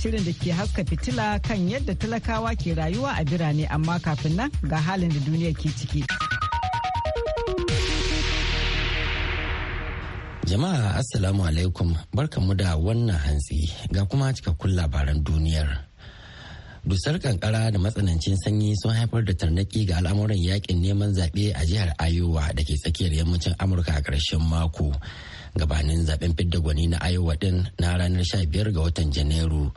shirin da ke haska fitila kan yadda talakawa ke rayuwa a birane amma kafin nan ga halin da duniya ke ciki. Jama'a Assalamu alaikum barkanmu da wannan hantsi ga kuma cikakkun labaran duniyar. Dusar kankara da matsanancin sanyi sun haifar da tarnaki ga al'amuran yakin neman zaɓe a jihar Ayowa da ke tsakiyar yammacin Amurka a ƙarshen mako. gabanin zaben fidda gwani na Iowa din na ranar 15 ga watan Janairu.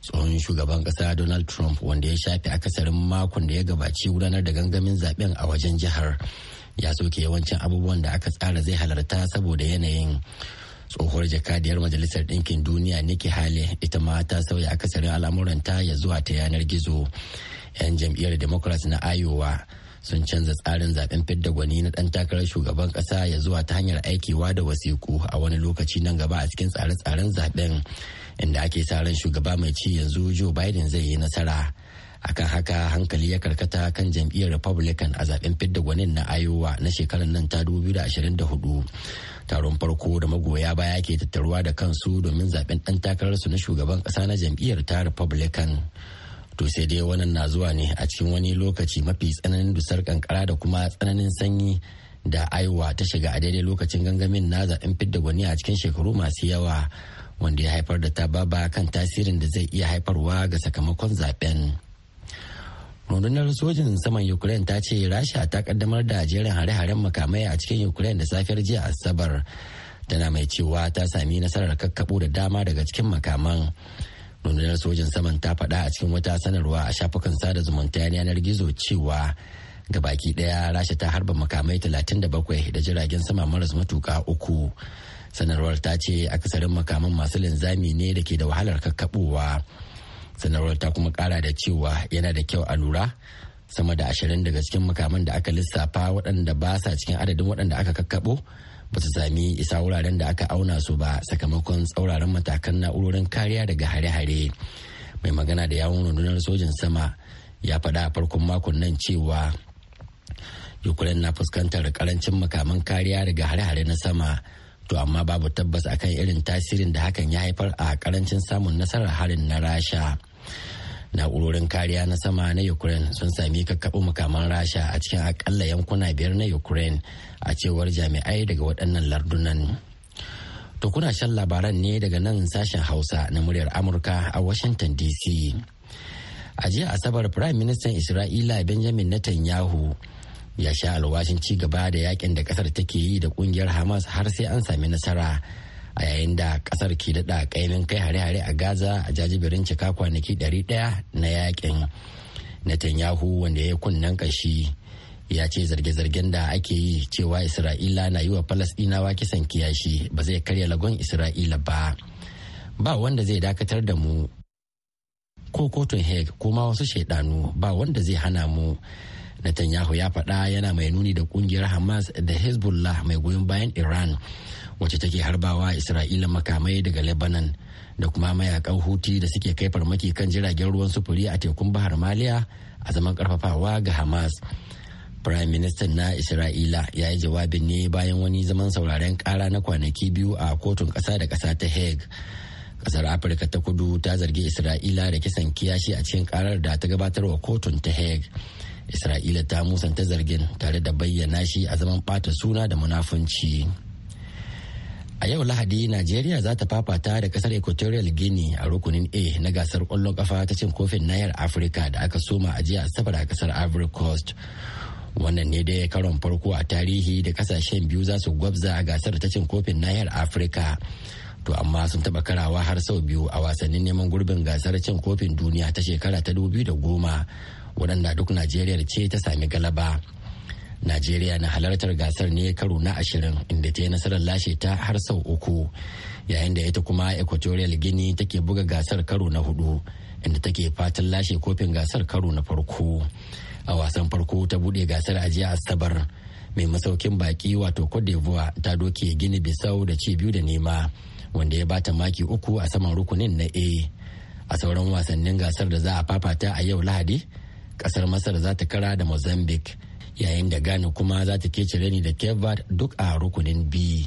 Tsohon shugaban kasa Donald Trump wanda ya shafe akasarin makon da ya gabaci gudanar da gangamin zaben a wajen jihar ya soke yawancin abubuwan da aka tsara zai halarta saboda yanayin. tsohuwar jakadiyar majalisar ɗinkin duniya Nikki Haley ita ma ta sauya akasarin al'amuranta ya zuwa ta yanar gizo. 'Yan jam'iyyar Democrats na Iowa sun canza tsarin zaben fidda gwani na dan takarar shugaban kasa ya zuwa ta hanyar aikewa da wasiku a wani lokaci nan gaba a cikin tsare-tsaren zaben inda ake sa ran shugaba mai ci yanzu Joe Biden zai yi nasara. akan haka hankali ya karkata kan jam'iyyar republican a zaben fidda gwanin na iowa na shekarar nan ta 2024 taron farko da magoya baya ke tattaruwa da kansu domin zaben dan takararsu na shugaban kasa na jam'iyyar ta republican to sai dai wannan na zuwa ne a cikin wani lokaci mafi tsananin dusar kankara da kuma tsananin sanyi da aiwa ta shiga a daidai lokacin gangamin na zaɓen fidda gwani a cikin shekaru masu yawa wanda ya haifar da tababa kan tasirin da zai iya haifarwa ga sakamakon zaben rundunar sojin saman ukraine ta ce rasha ta kaddamar da jerin hare-haren makamai a cikin ukraine da safiyar jiya asabar tana mai cewa ta sami nasarar kakkaɓo da dama daga cikin makaman rundunar sojin saman ta faɗa a cikin wata sanarwa a shafukan sada zumunta yanar gizo cewa ga baki ɗaya rasha ta harba makamai 37 da jiragen sama maras matuka uku sanarwar ta ce akasarin makaman masu linzami ne da ke da wahalar kakkaɓowa sanarwar ta kuma ƙara da cewa yana da kyau a lura sama da ashirin daga cikin makaman da aka lissafa waɗanda ba sa cikin adadin waɗanda aka kakkaɓo ba su sami isa wuraren da aka auna su ba sakamakon tsauraran matakan na'urorin kariya daga hare-hare mai magana da yawon rundunar sojin sama ya faɗa a farkon makon nan cewa ukraine na fuskantar karancin makaman kariya daga hare-hare na sama to amma babu tabbas akan irin tasirin da hakan ya haifar a karancin samun nasarar harin na rasha na'urorin kariya na sama na ukraine sun sami kakkaɓo makaman rasha a cikin akalla yankuna biyar na ukraine a cewar jami'ai daga waɗannan lardunan to kuna shan labaran ne daga nan sashen hausa na muryar amurka a washington dc a jiya asabar prime minister isra'ila benjamin netanyahu ya sha alwashin ci gaba da yakin da kasar take yi da kungiyar hamas har sai an sami nasara a yayin da kasar ke daɗa kainin kai hare-hare a gaza a jajibirin cika kwanaki 100 na yakin netanyahu wanda ya kunnen kashi ya ce zarge-zargen da ake yi cewa isra'ila na yi wa falasdinawa kisan kiyashi ba zai karya lagon isra'ila ba ba wanda zai dakatar da mu ko kotun hague ko ma wasu shaidanu ba wanda zai hana mu Netanyahu ya faɗa yana mai nuni da kungiyar Hamas da Hezbollah mai goyon bayan Iran wacce take harbawa isra'ila makamai daga lebanon da kuma mayakan huti da suke kai farmaki kan jiragen ruwan sufuri a tekun bahar maliya a zaman karfafawa ga hamas prime minister na isra'ila ya yi jawabin ne bayan wani zaman sauraren kara na kwanaki biyu a kotun kasa da kasa ta hague kasar afirka ta kudu ta zargi isra'ila da kisan kiyashi a cikin karar da ta gabatar wa kotun ta hague isra'ila ta musanta zargin tare da bayyana shi a zaman bata suna da munafunci. A yau Lahadi Najeriya za ta fafata da kasar Equatorial Guinea a rukunin A na gasar kwallon ƙafa ta cin kofin nayar Afirka da aka soma a jiya Asabar a kasar Ivory Coast. Wannan ne dai karon farko a tarihi da kasashen biyu za su gwabza a gasar ta cin kofin nayar Afirka. To amma sun taɓa karawa har sau biyu a wasannin neman gurbin gasar cin kofin duniya ta shekara ta 2010 waɗanda duk Najeriya ce ta sami galaba. najeriya na halartar gasar ne karo na ashirin inda ta yi nasarar lashe ta har sau uku yayin da ita kuma equatorial gini take buga gasar karo na hudu inda take fatan lashe kofin gasar karo na farko a wasan farko ta bude gasar a jiya asabar mai masaukin baki wato cote d'ivoire ta doke gini bisau da ci biyu da nema wanda ya bata maki uku a saman rukunin na a a sauran wasannin gasar da za a fafata a yau lahadi kasar masar za ta kara da mozambique yayin da Ghana kuma za ta kece reni da Cape duk a rukunin biyu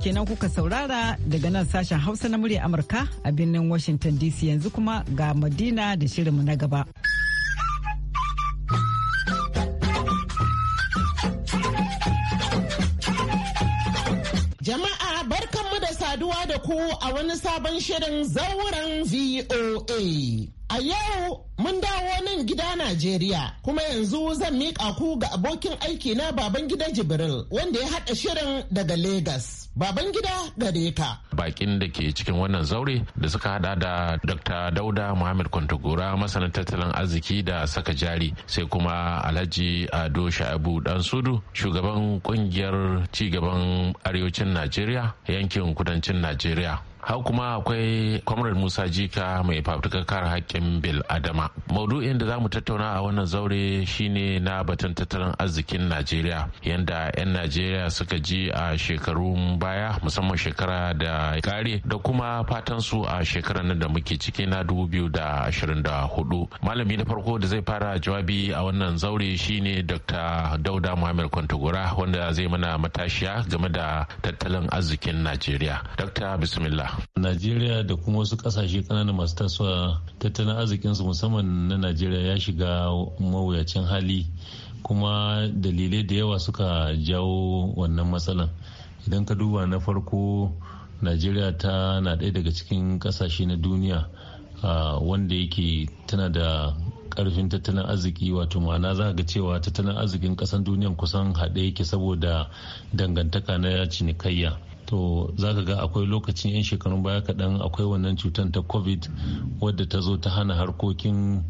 kenan kuka saurara daga nan sashen Hausa na murya Amurka a birnin Washington DC yanzu kuma ga Madina da shirinmu na gaba. Jama'a barkanmu da saduwa da ku a wani sabon shirin zauren VOA. A yau mun dawo nan gida Najeriya kuma yanzu zan miƙa ku ga abokin aiki na baban gida Jibril wanda ya haɗa shirin daga Legas. baban gida gare ka bakin da ke cikin wannan zaure da suka hada da dr dauda muhammad kwantagora masanin tattalin arziki da saka jari sai kuma alhaji ado sha'abu dan sudu shugaban kungiyar cigaban arewacin najeriya yankin kudancin najeriya hau kuma akwai kwamrar musa jika mai fafutukar kare haƙƙin bil adama maudu'in da za mu tattauna a wannan zaure shine na batun tattalin arzikin najeriya yadda 'yan najeriya suka ji a shekarun baya musamman shekara da kare da kuma fatan su a shekarar nan da muke ciki na 2024 malami na farko da zai fara jawabi a wannan zaure shine dr dauda muhammad kwantagora wanda zai mana matashiya game da tattalin arzikin najeriya dr bismillah Najeriya da kuma wasu kasashe kananan masu tasowa tattalin arzikinsu musamman na Najeriya ya shiga mawuyacin hali kuma dalilai da yawa suka jawo wannan matsalan. Idan ka duba na farko Najeriya ta na ɗaya daga cikin kasashe na duniya wanda yake tana da karfin tattalin arziki wato ma'ana za ga cewa tattalin arzikin kasan duniya kusan haɗe yake saboda dangantaka na cinikayya to za ka ga akwai lokacin 'yan shekarun baya kaɗan akwai wannan cutar ta covid wadda ta zo ta hana harkokin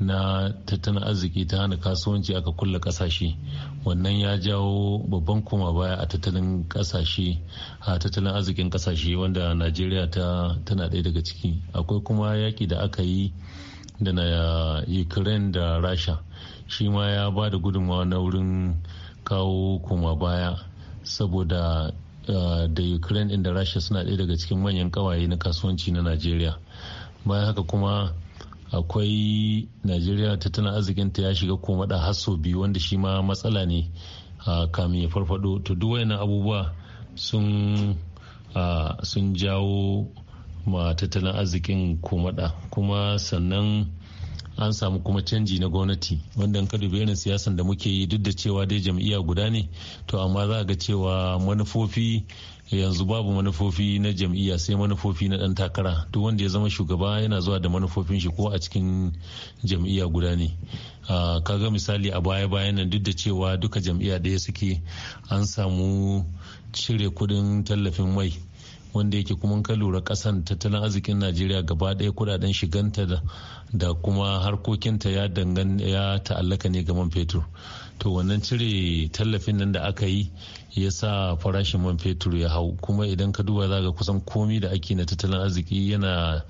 na tattalin arziki ta hana kasuwanci aka kulle kasashe wannan ya jawo babban koma baya a tattalin kasashe a tattalin arzikin kasashe wanda najeriya ta tana ɗaya daga ciki akwai kuma yaƙi da aka yi da na ukraine da rasha shi ma ya ba da gudunmawa na wurin kawo koma baya saboda Uh, da ukraine inda rasha suna ɗaya daga cikin manyan kawaye na kasuwanci na nigeria bayan haka kuma akwai najeriya tattalin ta ya shiga koma da hasso biyu wanda shi ma matsala ne uh, kamin ya farfado to duk wayannan abubuwa uh, sun jawo ma tattalin arzikin da kuma sannan an samu kuma canji na gwamnati wanda in ka dubi irin siyasan da muke yi duk da cewa dai jam'iyya guda ne to amma za a ga cewa manufofi yanzu babu manufofi na jam'iyya sai manufofi na dan takara duk wanda ya zama shugaba yana zuwa da manufofin shi ko a cikin jam'iyya guda ne kaga misali a baya bayan nan duk da cewa duka jam'iyya ɗaya suke an samu cire kudin tallafin mai wanda yake kuma ka lura kasan tattalin arzikin najeriya gaba ɗaya kudaden shiganta da kuma harkokinta ya dangan ya ta'allaka ne ga man fetur to wannan cire tallafin nan da aka yi ya sa farashin man fetur ya hau kuma idan ka duba za ga kusan komi da ake na tattalin arziki yana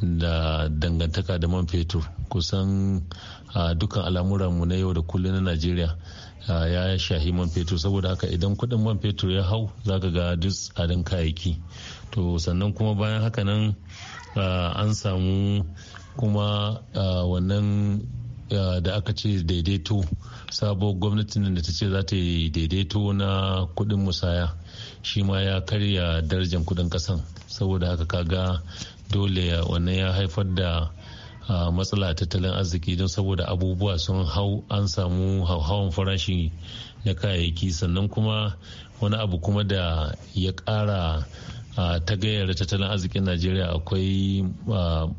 da dangantaka da man fetur kusan dukkan al'amuranmu na yau da kullum na najeriya Ah, ya shahi man fetur saboda haka idan kuɗin man fetur ya hau zaka ga duk adinka kayayyaki to sannan kuma bayan haka nan ah, an samu kuma ah, wannan da aka ce daidaito sabuwar gwamnatin da ta ce za ta yi daidaito na kudin musaya shi ma ya karya darajar kudin kasan saboda haka kaga dole wannan ya haifar da matsala tattalin arziki don saboda abubuwa sun hau an samu hauhawan farashi na kayayyaki sannan kuma wani abu kuma da ya ƙara ta gayyara tattalin arzikin najeriya akwai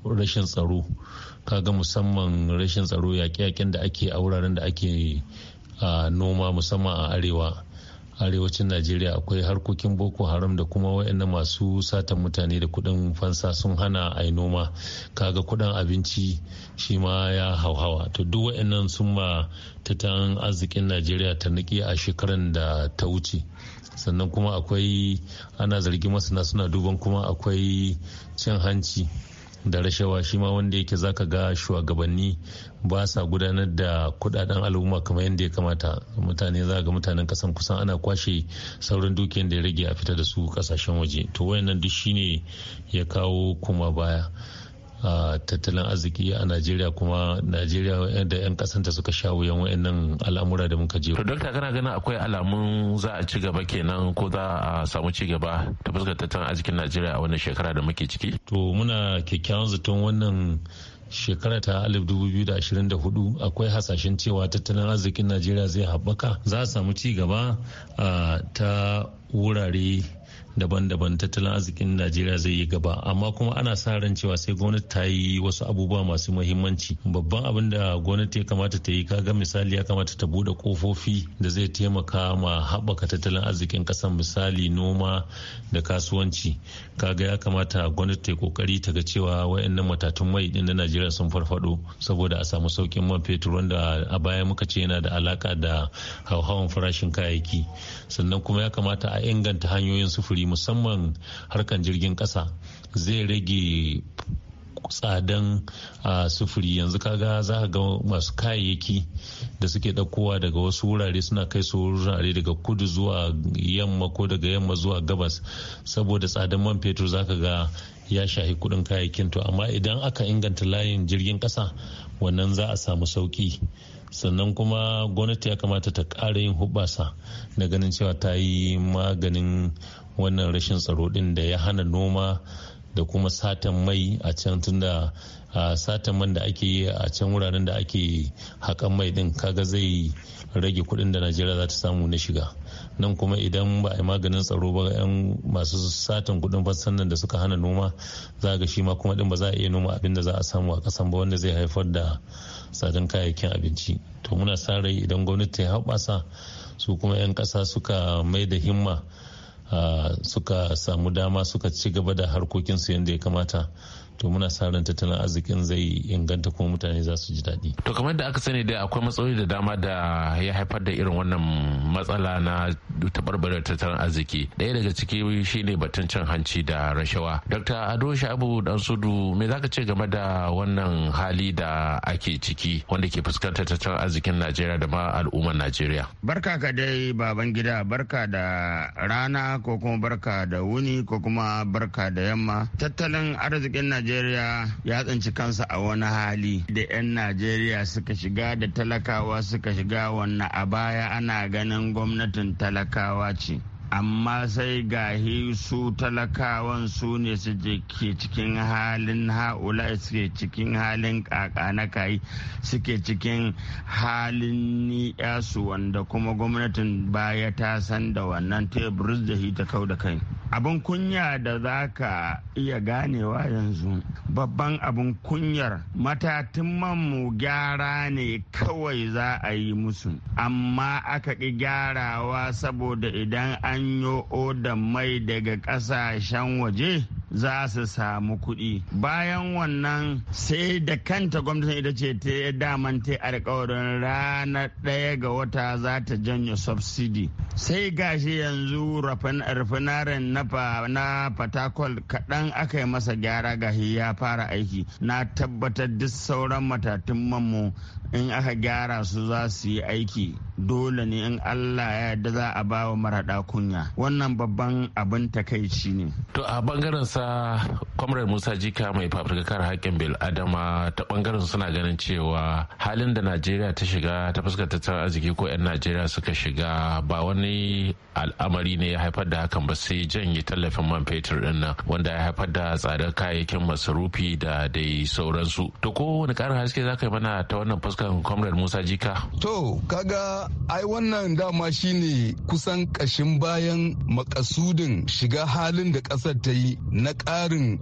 rashin tsaro kaga musamman rashin tsaro yaƙe-yaƙen da ake a wuraren da ake noma musamman a arewa arewacin najeriya akwai harkokin boko haram da kuma waɗanda masu sata mutane da kudin fansa sun hana a yi noma kaga kudin abinci shi ma ya hauhawa to duk waɗannan sun ma tattalin arzikin najeriya ta niki a shekaran da ta wuce sannan kuma akwai ana zargi masana suna duban kuma akwai cin hanci da rashawa shi ma wanda yake zaka ga shugabanni ba sa gudanar da kudaden al'umma kamar yadda ya kamata mutane za ga mutanen kasan kusan ana kwashe sauran dukiyan da ya rage a fita da su kasashen waje to wayannan duk shine ya kawo kuma baya tattalin arziki a najeriya kuma najeriya da 'yan kasanta suka sha wuyan wayannan al'amura da muka je. to dokta kana ganin akwai alamun za a ci gaba kenan ko za a samu ci gaba ta fuskar tattalin arzikin najeriya a wannan shekara da muke ciki. to muna kyakkyawan zaton wannan shekara ta hudu akwai hasashen cewa tattalin arzikin najeriya zai haɓaka za a samu ci gaba ta wurare daban-daban tattalin arzikin najeriya zai yi gaba amma kuma ana sa ran cewa sai gwamnati ta yi wasu abubuwa masu muhimmanci babban abin da gwamnati ya kamata ta yi kaga misali ya kamata ta bude kofofi da zai taimaka ma haɓaka tattalin arzikin ƙasar misali noma da kasuwanci kaga ya kamata gwamnati ta yi kokari ta ga cewa wayannan matatun mai din na najeriya sun farfado saboda a samu saukin man fetur wanda a baya muka ce yana da alaka da hauhawan farashin kayayyaki sannan kuma ya kamata a inganta hanyoyin sufuri musamman harkan jirgin kasa zai rage tsadan a sufuri yanzu kaga za a ga masu kayayyaki da suke ɗaukowa daga wasu wurare suna kai su wurare daga kudu zuwa yamma ko daga yamma zuwa gabas saboda tsadan man fetur za ka ga ya shahi kudin kayayyakin to amma idan aka inganta layin jirgin ƙasa wannan za a samu sauki sannan kuma gwamnati ya kamata ta ƙara yin hubasa na ganin cewa ta yi maganin wannan rashin tsaro din da ya hana noma da kuma satan mai a can tunda satan man da ake yi a can wuraren da ake haƙan mai din kaga zai rage kuɗin da najeriya za ta samu na shiga nan kuma idan ba a yi maganin tsaro ba yan masu satan kuɗin fassan nan da suka hana noma za ga shi ma kuma din ba za a iya noma abin da za a samu a ƙasan ba wanda zai haifar da sadin kayayyakin abinci to muna sa rai idan gwamnati yi haɓasa su kuma 'yan ƙasa suka mai da himma Uh, suka samu dama suka ci gaba da harkokinsu yadda ya kamata to muna sa ran tattalin arzikin zai inganta kuma mutane za su ji daɗi. To kamar da aka sani da akwai matsaloli da dama da ya haifar da irin wannan matsala na taɓarɓarar tattalin arziki. Ɗaya daga ciki shine batun cin hanci da rashawa. Dr. Ado Shabu sudu me za ka ce game da wannan hali da ake ciki wanda ke fuskantar tattalin arzikin Najeriya da ma al'ummar Najeriya. Barka ka dai baban gida barka da rana ko kuma barka da wuni ko kuma barka da yamma. Tattalin arzikin Najeriya najeriya ya tsinci kansa a wani hali da 'yan najeriya suka shiga da talakawa suka shiga wannan a baya ana ganin gwamnatin talakawa ce amma sai gahi su talakawan su ne ke cikin halin ha'ula suke cikin halin kaka na kai suke cikin halin niya su wanda kuma gwamnatin baya ta san da wannan teburis da hita kau da kai abin kunya da za ka iya ganewa yanzu babban abin kunyar matatun manmu gyara ne kawai za a yi musu amma aka ƙi gyarawa saboda idan an janyo odan mai daga kasashen waje za su samu kuɗi bayan wannan sai da kanta gwamnatin ita ce ta daman ta alkawarin ranar ɗaya ga wata za ta janyo subsidi sai gashi yanzu rafinaren na fatakol kaɗan aka yi masa gyara gashi ya fara aiki na tabbatar duk sauran matatun manmu in aka gyara su za su yi aiki dole ne in Allah ya yarda za a bawa marada kunya wannan babban abin takaici ne to a bangaren sa kwamrar Musa Jika mai fafutukar haƙƙin bil adama ta bangaren suna ganin cewa halin da Najeriya ta shiga ta fuskar tattalin arziki ko 'yan Najeriya suka shiga ba wani al'amari ne ya haifar da hakan ba sai janye tallafin man fetur din wanda ya haifar da tsadar kayayyakin masarufi da dai sauransu to ko wani ƙarin haske za ka yi mana ta wannan fuskar fuskan comrade musa jika to kaga ai wannan dama shine kusan kashin bayan makasudin shiga halin da kasar ta yi na karin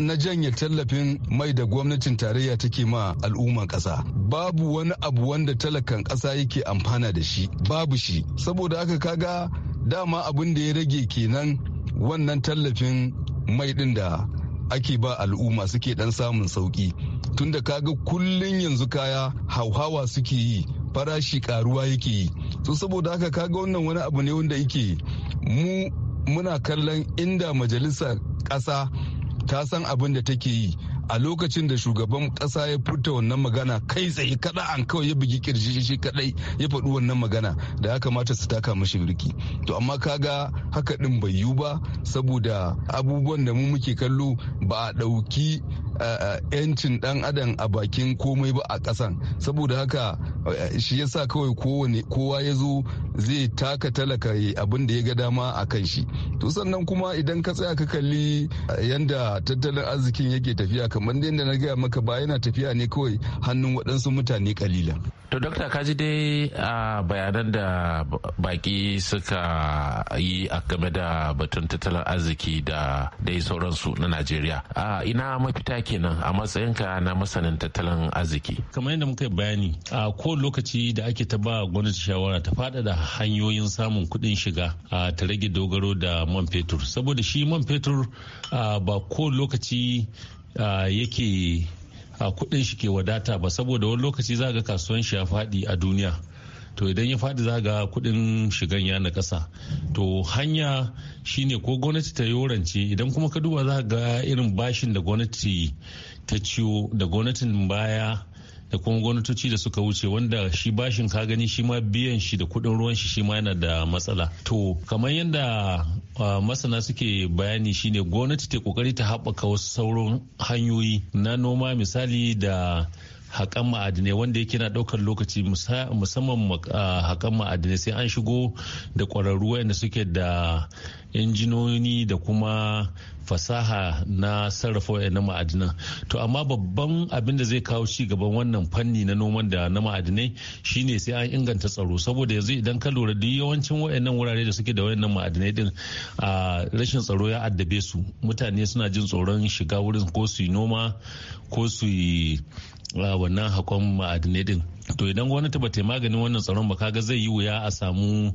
na janye tallafin mai da gwamnatin tarayya take ma al'umman kasa babu wani abu wanda talakan kasa yake amfana da shi babu shi saboda haka kaga dama abin da ya rage kenan wannan tallafin mai din da ake ba al'umma suke dan samun sauki tunda kaga kullun yanzu kaya hauhawa suke yi farashi karuwa yake yi to saboda haka kaga wannan wani abu ne wanda yake mu muna kallon inda majalisar ƙasa ta san abin da take yi a lokacin da shugaban kasa ya furta wannan magana kai tsaye kada an kawai ya bugi kirji shi kadai ya faɗi wannan magana da ya kamata su taka mashi birki to amma kaga haka din bai yiwu ba saboda abubuwan da mu muke kallo ba a ɗauki yancin dan adam a bakin komai ba a kasan saboda haka shi yasa kawai kowane kowa ya zo zai taka talaka abin da ya ga dama a kan shi to sannan kuma idan ka tsaya ka kalli yanda tattalin arzikin yake tafiya kamar yadda na gaya maka ba yana tafiya ne kawai hannun waɗansu mutane kalilan To dokta kaji dai a bayanan da baki suka yi a game da batun tattalin arziki da dai sauransu na Najeriya. A ina mafita kenan a matsayinka na masanin tattalin arziki. Kamar yadda muka bayani a ko lokaci da ake taba gwamnati shawara ta faɗaɗa hanyoyin samun kuɗin shiga a ta rage dogaro da man fetur. Saboda shi man fetur ba ko lokaci yake a kudin shi ke wadata ba saboda wani lokaci za ga kasuwan shi ya faɗi a duniya to idan ya faɗi za ga kudin shigan ya na ƙasa to hanya shine ko gwamnati ta yorance idan kuma ka duba za ga irin bashin da gwamnati ta ciwo da gwamnatin baya da kuma gwamnatoci da suka wuce wanda shi bashin ka gani shi ma biyan shi da kuɗin ruwan shi shi ma yana da matsala to kamar yadda masana suke bayani shine gwamnati ta kokari ta haɓaka wasu sauran hanyoyi na noma misali da haƙan ma'adinai wanda yake na ɗaukar lokaci musamman haƙan ma'adinai sai an shigo da ƙwararru wanda suke da injinoni da kuma fasaha na sarrafa na ma'adinan to amma babban abin da zai kawo ci gaban wannan fanni na noman da na ma'adinai shine sai an inganta tsaro saboda yanzu idan ka lura duk yawancin wayannan wurare da suke da wayannan ma'adinai din a rashin tsaro ya addabe su mutane suna jin tsoron shiga wurin ko su yi noma ko su yi wannan hakon ma'adinai din to idan gwamnati ba ta yi maganin wannan tsaron ba kaga zai yi wuya a samu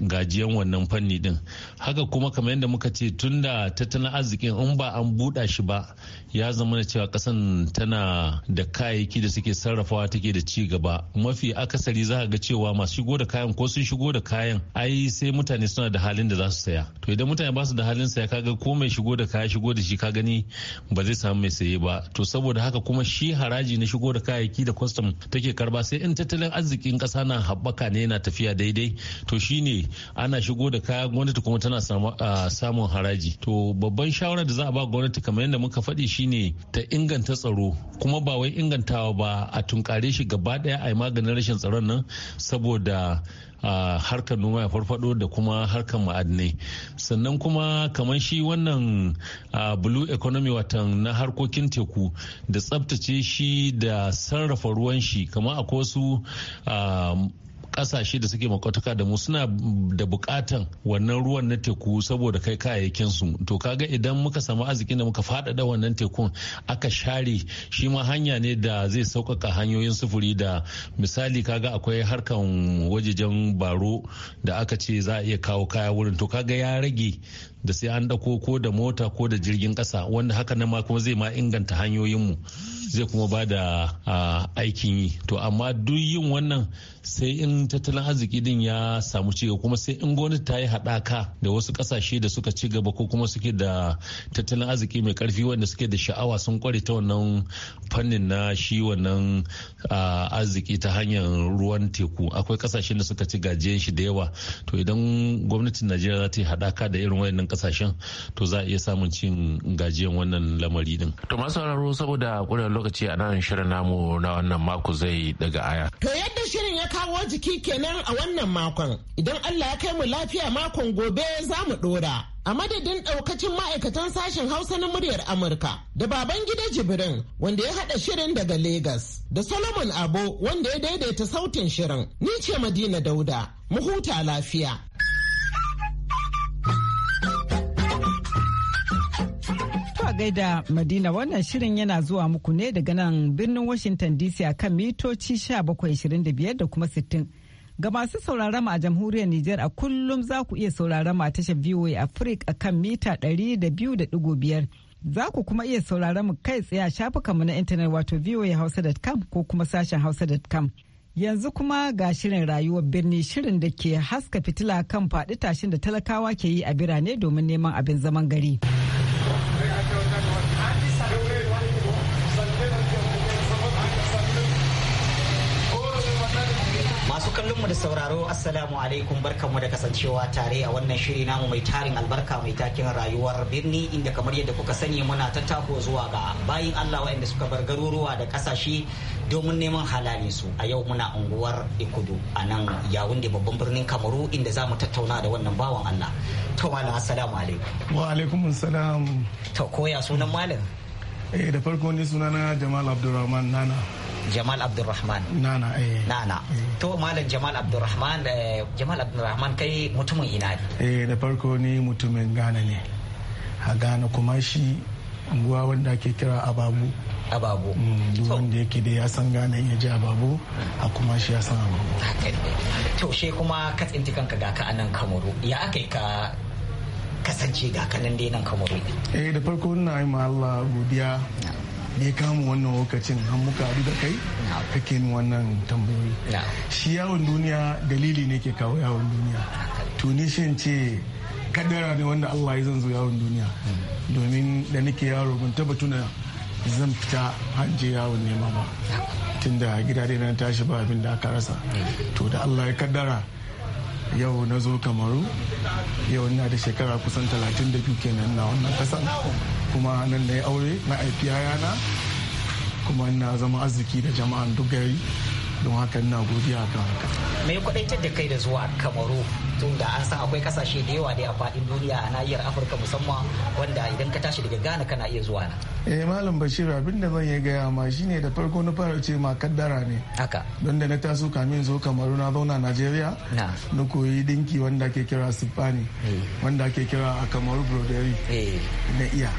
gajiyan wannan fanni din haka kuma kamar yadda muka ce tun da tattalin arzikin in ba an buɗa shi ba ya zama da cewa kasan tana da kayayyaki da suke sarrafawa take da ci gaba mafi akasari za ga cewa masu shigo da kayan ko sun shigo da kayan ai sai mutane suna da halin da za su saya to idan mutane ba su da halin saya kaga ko mai shigo da kaya shigo da shi ka gani ba zai samu mai saye ba to saboda haka kuma shi haraji na shigo da kayayyaki da kwastam take karba sai in tattalin arzikin kasa na haɓaka ne yana tafiya daidai to shine ana shigo da kaya gwamnati kuma tana ah, samun haraji to babban shawara da za a ba gwamnati kamar yadda muka faɗi shi shine ta inganta tsaro kuma ba wai ingantawa ba a tunkare shi gaba daya a yi maganin rashin tsaron nan saboda harkar noma ya farfado da kuma harkar ma'adinai sannan kuma kamar shi wannan blue economy watan na harkokin teku da tsabtace shi da sarrafa ruwan shi kamar akwai wasu kasashe da suke makwataka da mu suna da bukatan wannan ruwan na teku saboda kai kayayyakin su to kaga idan muka samu arzikin da muka faɗaɗa wannan tekun aka share shi ma hanya ne da zai sauƙaƙa hanyoyin sufuri da misali kaga akwai harkan wajejen baro da aka ce za a iya kawo kaya wurin to kaga ya rage da sai an ɗauko ko da mota ko da jirgin kasa wanda haka nan ma kuma zai ma inganta hanyoyinmu zai kuma ba da aikin yi to amma duk yin wannan sai in tattalin arziki din ya samu cigaba kuma sai in gwamnati ta yi haɗaka da wasu ƙasashe da suka ci gaba ko kuma suke da tattalin arziki mai ƙarfi wanda suke da sha'awa sun kware ta wannan fannin na shi wannan arziki ta hanyar ruwan teku akwai ƙasashe da suka ci gajiyan shi da yawa to idan gwamnatin najeriya za ta yi haɗaka da irin wayannan kasashen to za a iya samun cin gajiyan wannan lamari din. To masu sauraro saboda ƙuran lokaci a nan shirin namu na wannan mako zai daga aya. To yadda shirin ya kawo jiki kenan a wannan makon idan Allah ya kai mu lafiya makon gobe za mu ɗora. a madadin ɗaukacin ma'aikatan sashen hausa na muryar amurka da baban gida Jibrin wanda ya haɗa shirin daga Legas da solomon abo wanda ya daidaita sautin shirin ni ce madina dauda mu huta lafiya gaida Madina wannan shirin yana zuwa muku ne daga nan birnin Washington DC a kan mitoci 1725 da kuma 60. Ga masu sauraron a jamhuriyar Nijar a kullum za ku iya sauraron a tashar VOA Africa a kan mita 200.5. Za ku kuma iya sauraron mu kai tsaye a shafukanmu na intanet wato voahausa.com ko kuma sashen hausa.com. Yanzu kuma ga shirin rayuwar birni shirin da ke haska fitila kan faɗi tashin da talakawa ke yi a birane domin neman abin zaman gari. kallonmu da sauraro assalamu alaikum barkanmu da kasancewa tare a wannan shiri namu mai tarin albarka mai takin rayuwar birni inda kamar yadda kuka sani muna ta tako zuwa ga bayin Allah waɗanda suka bar garuruwa da kasashe domin neman halali su a yau muna unguwar Ikudu a nan yawun da babban birnin Kamaru inda za mu tattauna da wannan bawan Allah to malam assalamu alaikum wa alaikum assalam to koya sunan malam eh da farko ni sunana Jamal Abdulrahman Nana Jamal Abdulrahman. Nana eh. Nana. Eh. To Malam Jamal Abdulrahman eh, Jamal Abdulrahman kai mutumin ina ne? Eh da farko ni mutumin Ghana ne. A Ghana kuma shi unguwa wanda ake kira Ababu. Ababu. Mm, duk wanda yake da ya san Ghana ya ji Ababu a kuma shi ya san Ababu. To she kuma ka tsinti kanka ga ka anan Kamaru. Ya aka ka kasance ga kanan dai nan Kamaru. Eh da farko ina yi ma Allah godiya. ne ya kama wannan lokacin har muka haɗu da kai kake wannan tambayoyi shi yawon duniya dalili ne ke kawo yawon duniya tunishin ce kadara ne wanda Allah ya zan zo yawon duniya domin da nake yaro ban taba tuna zan fita hanje yawon nema ba tunda gida dai na tashi ba abin da aka rasa to da Allah ya kaddara yau na zo kamaru yau ina da shekara kusan 32 kenan na wannan kasa kuma nan na yi aure na aifi yana kuma na zama arziki da jama'an duk gari don haka ina godiya ga haka me kwadaitar da kai da zuwa kamaru tun da an san akwai kasashe da yawa da a fadin duniya a nahiyar afirka musamman wanda idan ka tashi daga ghana kana iya zuwa na eh malam bashir abin da zan yi gaya ma shine da farko na fara ce ma kaddara ne haka don da na taso kamin zo kamaru na zauna najeriya na koyi dinki wanda ke kira sifani eh. wanda ke kira a kamaru broderi eh. na iya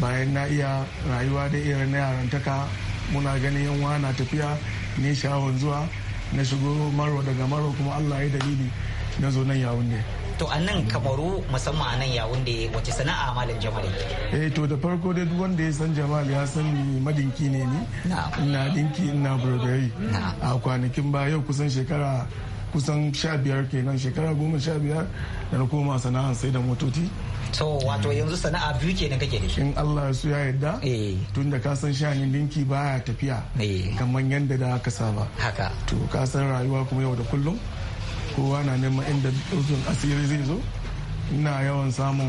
bayan na iya rayuwa da irin na yarantaka muna ganin yan na tafiya ne sha'awar zuwa na shigo maro daga maro kuma allah ya dalili na zo nan yawon ne to a nan kamaru musamman a nan yawon da wace sana'a malam jamali eh to da farko dai wanda ya san jamal ya san ni madinki ne ni ina dinki na burgari a kwanakin ba yau kusan shekara kusan sha biyar kenan shekara goma sha biyar da na koma sana'ar sai da motoci to wato yanzu sana'a biyu kenan kake da shi in Allah su ya yarda eh. tunda ka san shanin dinki baya tafiya eh. kamar yanda da aka saba haka to ka san rayuwa kuma yau da kullum kowa na neman inda dukkan asiri zai zo ina yawan samun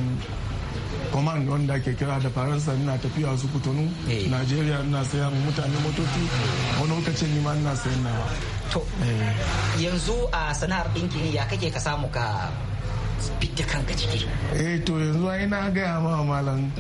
command wanda ke kira da faransa ina tafiya su kutunu eh. najeriya ina saya mutane motoci wani lokacin ma ina sayan nawa to yanzu a sana'ar ɗinki ya kake ka samu ka fidda kanka ciki eh to yanzu ai na gaya ma malam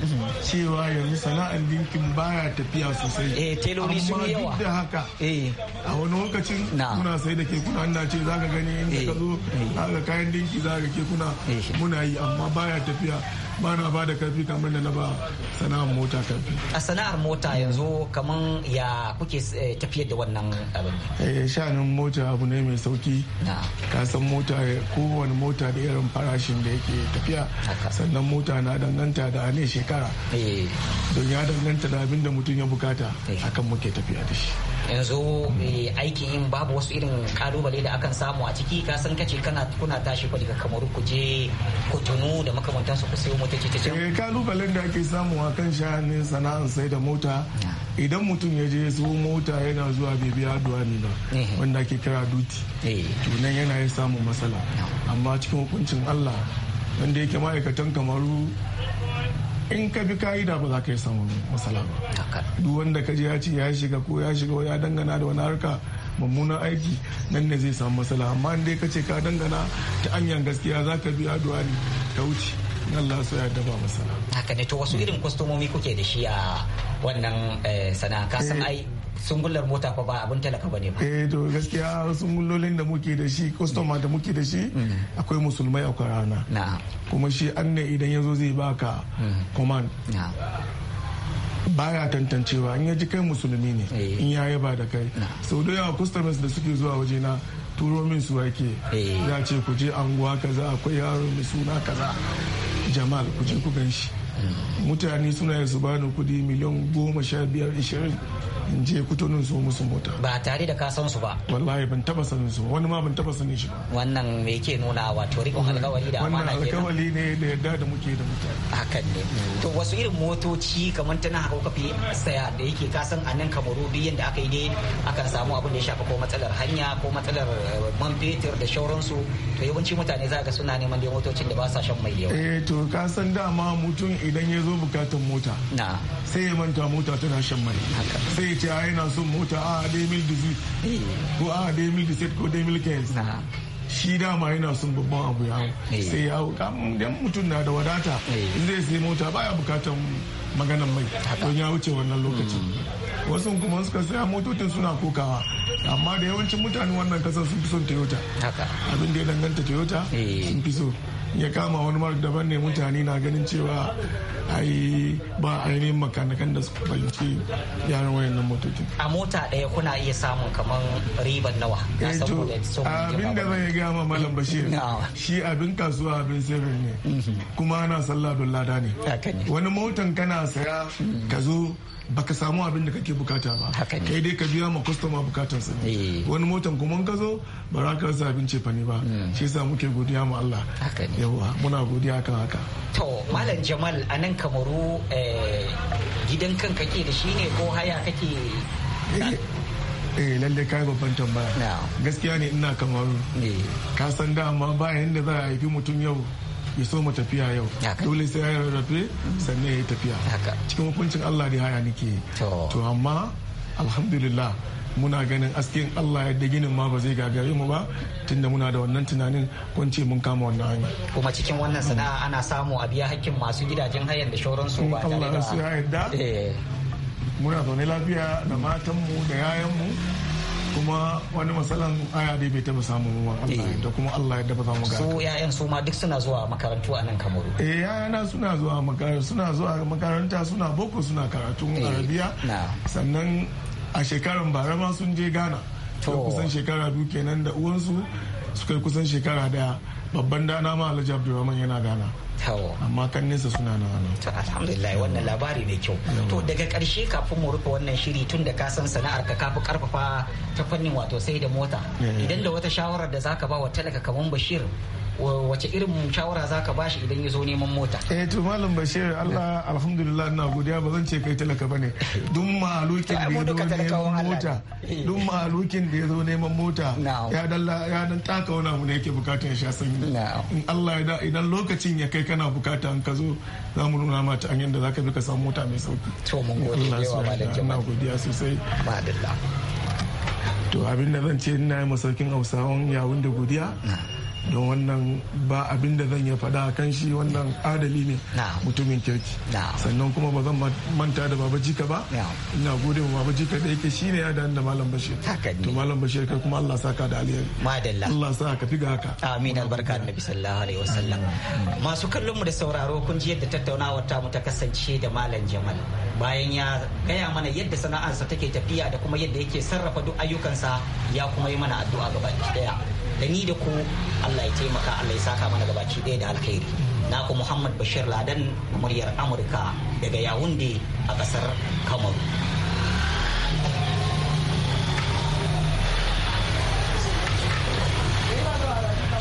cewa yanzu sana'ar dinkin baya tafiya sosai eh teloli sun yawa amma haka eh a wani lokacin muna sai da kekuna ina ce zaka gani in ka eh. zo zaka kayan dinki zaka kekuna eh. muna yi amma baya tafiya ba na ba da karfi kamar da na ba sana'ar mota karfi a sana'ar mota yanzu kamar ya kuke eh, tafiyar da wannan abin eh shanin mota abu ne mai sauki ka san mota kowane mota da irin farashin da yake tafiya sannan mota na danganta da ne shekara eh. don ya danganta da abin da mutum ya bukata eh. akan muke tafiya da shi yanzu aiki yin babu wasu irin kalubale da akan samu a ciki ka san kace kana kuna tashi kwalika kamaru ku je kotunu da makamantansu ku sayo rikice-rikicen? Eh kalubalen da ake samu a kan sha'anin sana'ar sai da mota idan mutum ya je su mota yana zuwa bai biya ne ba eh. wanda ake kira duti. Eh. Tunan yana ya samu matsala amma cikin hukuncin Allah wanda yake ma'aikatan kamaru in ka bi ka'ida ba za ka yi samun matsala ba duk wanda ka je ya ce ya shiga ko ya shiga ya dangana da wani harka mummunan aiki nan ne zai samu matsala amma in dai ka ce ka dangana ta hanyar gaskiya za ka biya duwani ta wuce Allah su ya daba masana haka ne to wasu irin kwastomomi kuke da shi a wannan eh, sana'a ka san eh. ai sungullar mota fa ba abin talaka ba ne ba. Eh to gaskiya sungullolin da muke da shi, kwastoma da muke da shi, mm. akwai musulmai akwai na. Kuma shi an ne idan ya zo zai baka mm. command. baya tantancewa in ya ji kai musulmi ne eh. in ya yaba da kai sau da yawa customers da suke zuwa wajena turo min su ake ya ce ku je anguwa kaza akwai yaro mai suna kaza jamal kuje je ku gan shi mutane suna yanzu bani kudi miliyan goma sha biyar ishirin in je nun so musu mota ba tare da ka san su ba wallahi ban taba sanin su wani ma ban taba sanin shi ba wannan me yake nuna wato rikon alkawari da amana kenan wannan alkawari ne da yadda da muke da mutane hakan ne to wasu irin motoci kamar ta na hauka fi saya da yake kasan a nan kamaru biyan da aka yi dai aka samu abin da ya shafa ko matsalar hanya ko matsalar eh, man fetur da shauransu to yawanci mutane za ga suna neman dai motocin da ba sa shan mai yawa eh to ka san dama mutum idan ya zo bukatun mota sai ya manta mota tana shan mai sai ce yana son mota a 2018 ko a 2017 ko 2015 shi dama yana son babban abu ya hau eh. sai ya hau dan mutum na da wadata eh. in zai sai mota baya bukatan maganan mai don ya wuce wannan lokacin mm. wasu kuma suka saya motocin suna kokawa amma da yawancin mutane wannan kasar sun fi son toyota abin da ya danganta toyota eh. sun fi so ya kama wani mark daban ne mutane na ganin cewa ai ba ainihin makanakan da suka fahimci yaran wayannan motocin a mota ɗaya kuna iya samun kamar riban nawa eh, abin da zai gama malam bashir shi abin kasuwa abin sirri ne mhm. kuma ana sallah don lada ne wani motan kana saya ka zo baka samu abin da kake bukata ba kai dai ka biya ma kwastoma bukatansa ne eh. wani motan kuma ka zo ba za ka rasa fa ne ba hmm. shi yasa muke godiya ma Allah yawa muna godiya kan haka to malam jamal a nan kamaru eh, gidan kan kake da shi ne ko haya kake eh, eh lalle kai babban tambaya gaskiya ne ina kamaru ka san da dama ba yanda za a haifi mutum yau ya so mu tafiya yau dole sai ya rarrafe sannan ya yi tafiya cikin hukuncin Allah da haya nake to amma alhamdulillah muna ganin askin Allah yadda ginin ma ba zai gagare mu ba tunda muna da wannan tunanin kwance mun kama wannan hanya. Kuma cikin wannan sana'a ana samu a biya hakkin masu gidajen hayan da shauransu ba tare da. Allah ya eh. Muna zaune lafiya da matanmu da yayanmu kuma wani matsalan aya dai bai taba samu ruwan. Allah eh. da kuma Allah ya dafa samu gaka su yayan su ma duk suna zuwa makarantu a nan Kamaru eh yayana suna zuwa makaranta suna zuwa makaranta suna boko suna karatun eh, Arabiya sannan a shekaran bara ma sun je Ghana to kusan shekara biyu kenan da uwansu suka kusan shekara daya babban dana ma Alhaji Abdulrahman yana Ghana amma kan nesa suna na nan to alhamdulillah wannan labari ne kyau to daga karshe kafin mu rufe wannan shiri tun da ka san sana'ar ka kafi karfafa ta fannin wato sai da mota eh. idan da wata shawarar da zaka ba wa talaka kaman bashir wace irin shawara za ka bashi idan ya zo neman mota eh to malam bashir allah alhamdulillah ina godiya ba zan ce kai talaka bane Dun mahalukin da ya zo neman mota dun mahalukin da ya zo neman mota ya dalla ya dan taka wani abu ne yake bukata ya sha sanyi in allah ya da idan lokacin ya kai kana bukata in ka zo za mu nuna mata an yadda za ka bi ka samu mota mai sauki to mun gode yawa malam jama'a godiya sosai madalla to abin da zan ce ina yi masaukin hausawan yawun da godiya don wannan ba abin da zan ya faɗa kan shi wannan adali ne mutumin kirki sannan kuma ba zan manta da baba jika ba ina gode wa baba jika da yake shine ya dan da malam bashir to malam bashir kai kuma Allah saka da alheri madalla Allah sa ka fi ga haka amin albarka annabi sallallahu alaihi wasallam masu kallon mu da sauraro kun ji yadda tattaunawar ta mu ta kasance da malam jamal bayan ya gaya mana yadda sana'arsa take tafiya da kuma yadda yake sarrafa duk ayyukansa ya kuma yi mana addu'a gaba daya da ni da ku Allah ya taimaka Allah ya saka mana gabaki ɗaya da alkhairi ku Muhammad Bashir Ladan muryar Amurka daga Yawunde a ƙasar Kamaru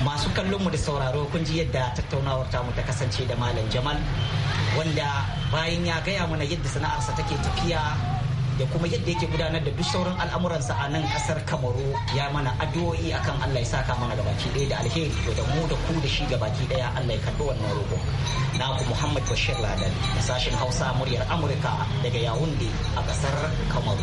masu kallon mu da sauraro kun ji yadda tattaunawar tamu ta kasance da Malam Jamal wanda bayan ya gaya mana yadda sana'arsa take tafiya da kuma yadda yake gudanar da duk sauran al'amuransa a nan kasar kamaru ya mana addu'o'i akan allah ya saka mana gabaki ɗaya da alheri to da mu da ku da shi gabaki ɗaya allah ya karɓi wannan roƙo naku muhammad bashir ladan da sashen hausa muryar amurka daga yawunde a kasar kamaru